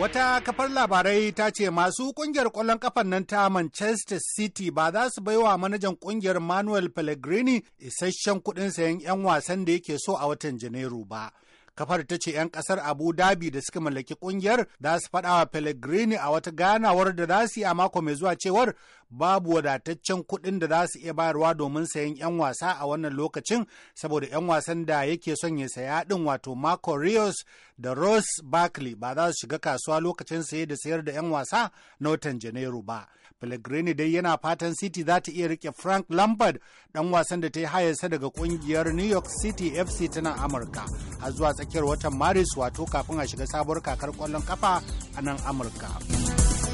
Wata kafar labarai ta ce masu kungiyar ƙwallon kafan nan ta Manchester City ba za su bai wa manajan kungiyar Manuel Pellegrini isasshen kuɗin sayan 'yan wasan da yake so a watan Janairu ba. Kafar ta ce 'yan kasar Abu Dhabi da suka mallaki kungiyar za su faɗa wa Pellegrini a wata ganawar da za su yi a mako mai zuwa cewar babu wadataccen kuɗin da za su iya bayarwa domin sayan 'yan wasa a wannan lokacin saboda 'yan wasan da yake son ya saya ɗin wato Marco Rios da Rose Barkley ba za su shiga kasuwa lokacin saye da sayar da 'yan wasa na watan Janairu ba. Pellegrini dai yana fatan City za ta iya rike Frank Lampard ɗan wasan da ta yi hayarsa daga kungiyar New York City FC ta nan Amurka. har zuwa tsakiyar watan maris wato kafin a shiga sabuwar kakar kwallon kafa a nan amurka